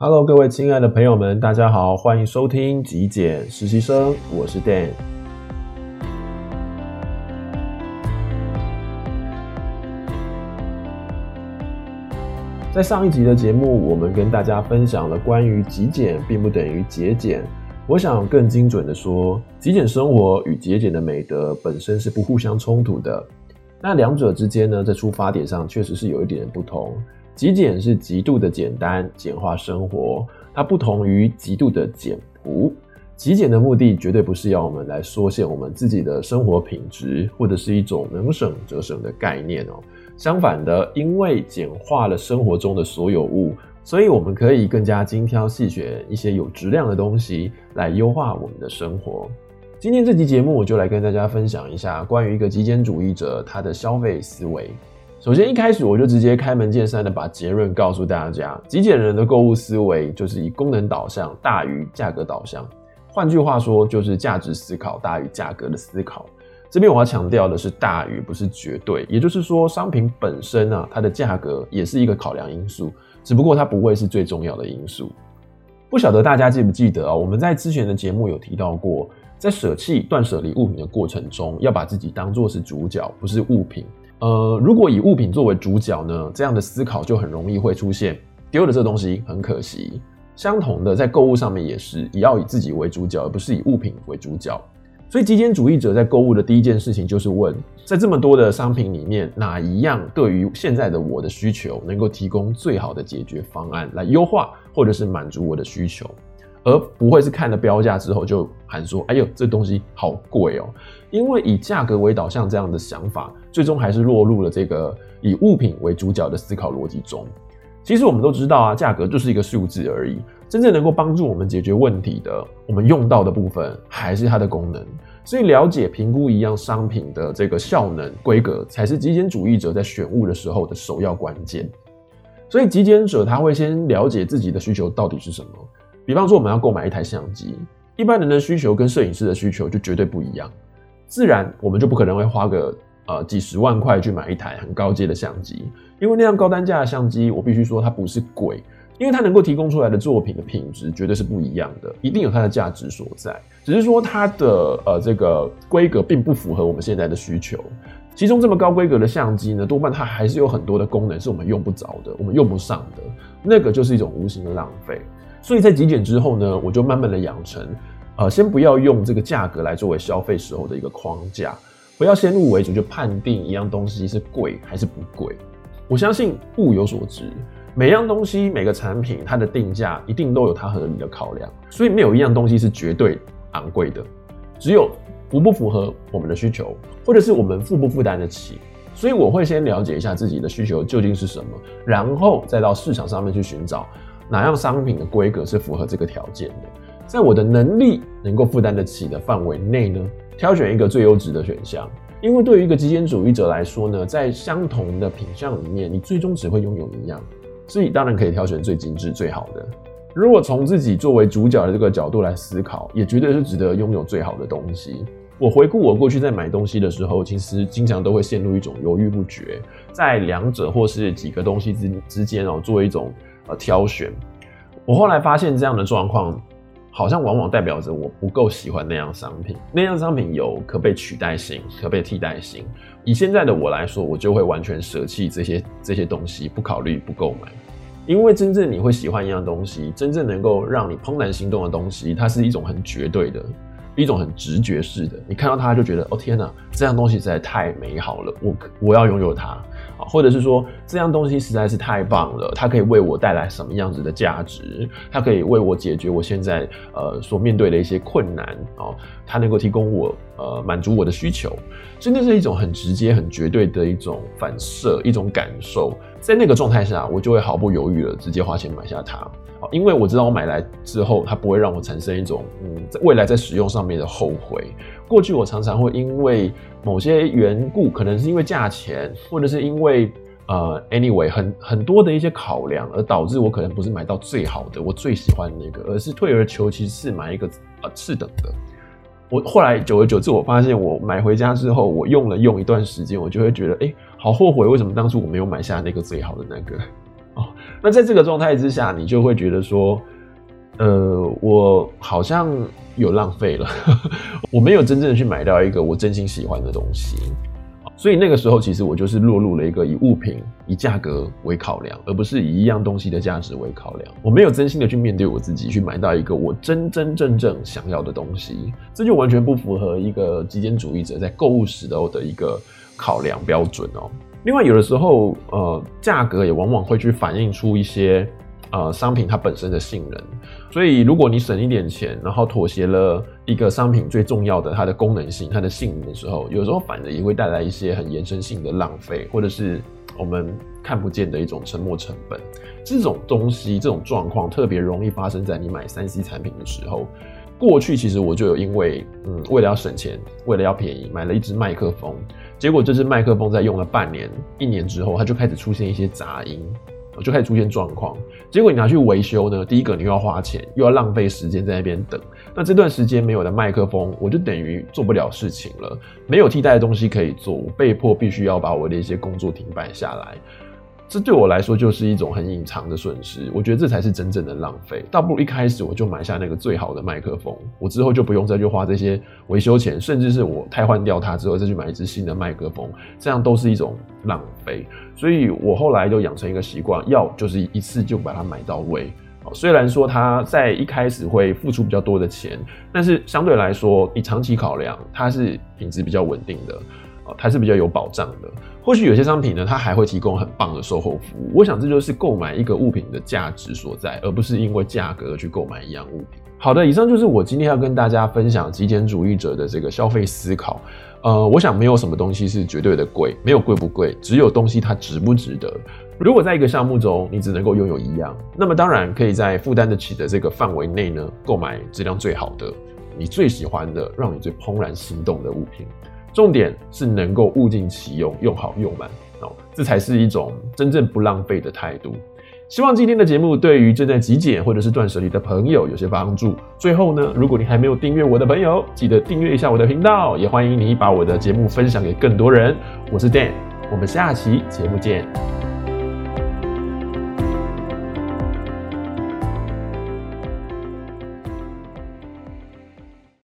Hello，各位親愛的朋友們，大家好，歡迎收聽極簡實習生，我是 Dan。在上一集的節目，我們跟大家分享了關於極簡並不等於節儉。我想更精準的說，極簡生活與節儉的美德本身是不互相衝突的。那兩者之間呢，在出發點上確實是有一點不同。極簡是極度的簡單，簡化生活。它不同於極度的簡樸。極簡的目的絕對不是要我們來縮限我們自己的生活品質，或者是一種能省則省的概念哦、喔。相反的，因為簡化了生活中的所有物，所以我們可以更加精挑細選一些有質量的東西來優化我們的生活。今天這期節目我就來跟大家分享一下關於一個極簡主義者他的消費思維。首先，一開始我就直接開門見山的把結論告訴大家：極簡人的購物思維就是以功能導向大於價格導向，換句話說，就是價值思考大於價格的思考。這邊我要強調的是大於不是絕對，也就是說，商品本身啊，它的價格也是一個考量因素，只不過它不會是最重要的因素。不曉得大家記不記得啊、哦？我們在之前的節目有提到過，在捨棄斷捨離物品的過程中，要把自己當作是主角，不是物品。呃，如果以物品作為主角呢，這樣的思考就很容易會出現丟了這東西很可惜。相同的，在購物上面也是，也要以自己為主角，而不是以物品為主角。所以，極簡主義者在購物的第一件事情就是問：在這麼多的商品裡面，哪一樣對於現在的我的需求能夠提供最好的解決方案來優化，或者是滿足我的需求？而不會是看了標價之後就喊說：“哎呦，這東西好貴哦、喔！”因為以價格為導向這樣的想法，最終還是落入了這個以物品為主角的思考邏輯中。其實我們都知道啊，價格就是一個數字而已。真正能夠幫助我們解決問題的，我們用到的部分還是它的功能。所以，了解評估一樣商品的這個效能、規格，才是極簡主義者在選物的時候的首要關鍵。所以，極簡者他會先了解自己的需求到底是什麼。比方說，我們要購買一台相機，一般人的需求跟攝影師的需求就絕對不一樣，自然我們就不可能會花個呃幾十萬塊去買一台很高階的相機，因為那樣高單價的相機，我必須說它不是貴，因為它能夠提供出來的作品的品質絕對是不一樣的，一定有它的價值所在，只是說它的呃這個規格並不符合我們現在的需求。其中這麼高規格的相機呢，多半它還是有很多的功能是我們用不着的，我們用不上的，那個就是一種無形的浪費。所以在極簡之後呢，我就慢慢的養成，呃，先不要用這個價格來作為消費時候的一個框架，不要先入為主就判定一樣東西是貴還是不貴。我相信物有所值，每樣東西每個產品它的定價一定都有它合理的考量，所以沒有一樣東西是絕對昂貴的，只有符不符合我們的需求，或者是我們負不負擔得起。所以我會先了解一下自己的需求究竟是什麼，然後再到市場上面去尋找。哪樣商品的規格是符合這個條件的，在我的能力能夠負擔得起的範圍內呢，挑選一個最優質的選項。因為對於一個極簡主義者來說呢，在相同的品項裡面，你最終只會擁有一樣，所以當然可以挑選最精緻、最好的。如果從自己作為主角的這個角度來思考，也絕對是值得擁有最好的東西。我回顧我過去在買東西的時候，其實經常都會陷入一種猶豫不決，在兩者或是幾個東西之之間哦，做一種。挑選。我後來發現，這樣的狀況好像往往代表着我不夠喜歡那樣商品。那樣商品有可被取代性、可被替代性。以現在的我來說，我就會完全捨棄這些這些東西，不考慮、不購買。因為真正你會喜歡一樣東西，真正能夠讓你怦然心動的東西，它是一種很絕對的，一種很直覺式的。你看到它，就覺得哦，喔，天哪，這樣東西實在太美好了，我我要擁有它。或者是說，這樣東西實在是太棒了，它可以為我帶來什麼樣子的價值？它可以為我解決我現在呃所面對的一些困難啊，哦，它能夠提供我。呃，滿足我的需求，所以那是一種很直接、很絕對的一種反射、一種感受。在那個狀態下，我就會毫不猶豫了，直接花錢買下它。因為我知道我買來之後，它不會讓我產生一種嗯，在未來在使用上面的後悔。過去我常常會因為某些緣故，可能是因為價錢，或者是因為呃，anyway，很很多的一些考量，而導致我可能不是買到最好的、我最喜歡的那個，而是退而求其次買一個呃次等的。我後來久而久之，我發現我買回家之後，我用了用一段時間，我就會覺得，哎、欸，好後悔，為什麼當初我沒有買下那個最好的那個？哦，那在這個狀態之下，你就會覺得說，呃，我好像有浪費了， 我沒有真正的去買到一個我真心喜歡的東西。所以那個時候，其實我就是落入了一個以物品、以價格為考量，而不是以一樣東西的價值為考量。我沒有真心的去面對我自己，去買到一個我真真正正想要的東西，這就完全不符合一個極簡主義者在購物時候的一個考量標準哦。另外，有的時候，呃，價格也往往會去反映出一些。呃，商品它本身的性能，所以如果你省一點錢，然後妥協了一個商品最重要的它的功能性、它的性能的時候，有時候反而也會帶來一些很延伸性的浪費，或者是我們看不見的一種沉沒成本。這種東西、這種狀況特別容易發生在你買三 C 產品的時候。過去其實我就有因為，嗯，為了要省錢，為了要便宜，買了一支麥克風，結果這支麥克風在用了半年、一年之後，它就開始出現一些雜音。我就開始出現狀況，結果你拿去維修呢？第一個你又要花錢，又要浪費時間在那邊等。那這段時間沒有的麥克風，我就等於做不了事情了，沒有替代的東西可以做，我被迫必須要把我的一些工作停擺下來。這對我來說就是一種很隱藏的損失，我覺得這才是真正的浪費。倒不如一開始我就買下那個最好的麥克風，我之後就不用再去花這些維修錢，甚至是我汰換掉它之後再去買一支新的麥克風，這樣都是一種浪費。所以我後來就養成一個習慣，要就是一次就把它買到位。哦，雖然說它在一開始會付出比較多的錢，但是相對來說，你長期考量，它是品質比較穩定的，哦，它是比較有保障的。或許有些商品呢，它還會提供很棒的售後服務。我想這就是購買一個物品的價值所在，而不是因為價格而去購買一樣物品。好的，以上就是我今天要跟大家分享極簡主義者的這個消費思考。呃，我想沒有什麼東西是絕對的貴，沒有貴不貴，只有東西它值不值得。如果在一個項目中你只能夠擁有一樣，那麼當然可以在負擔得起的這個範圍內呢，購買質量最好的、你最喜歡的、讓你最怦然心動的物品。重點是能夠物盡其用，用好用滿哦，這才是一種真正不浪費的態度。希望今天的節目對於正在極簡或者是斷捨離的朋友有些幫助。最後呢，如果你還沒有訂閱我的朋友，記得訂閱一下我的頻道，也歡迎你把我的節目分享給更多人。我是 Dan，我們下期節目見。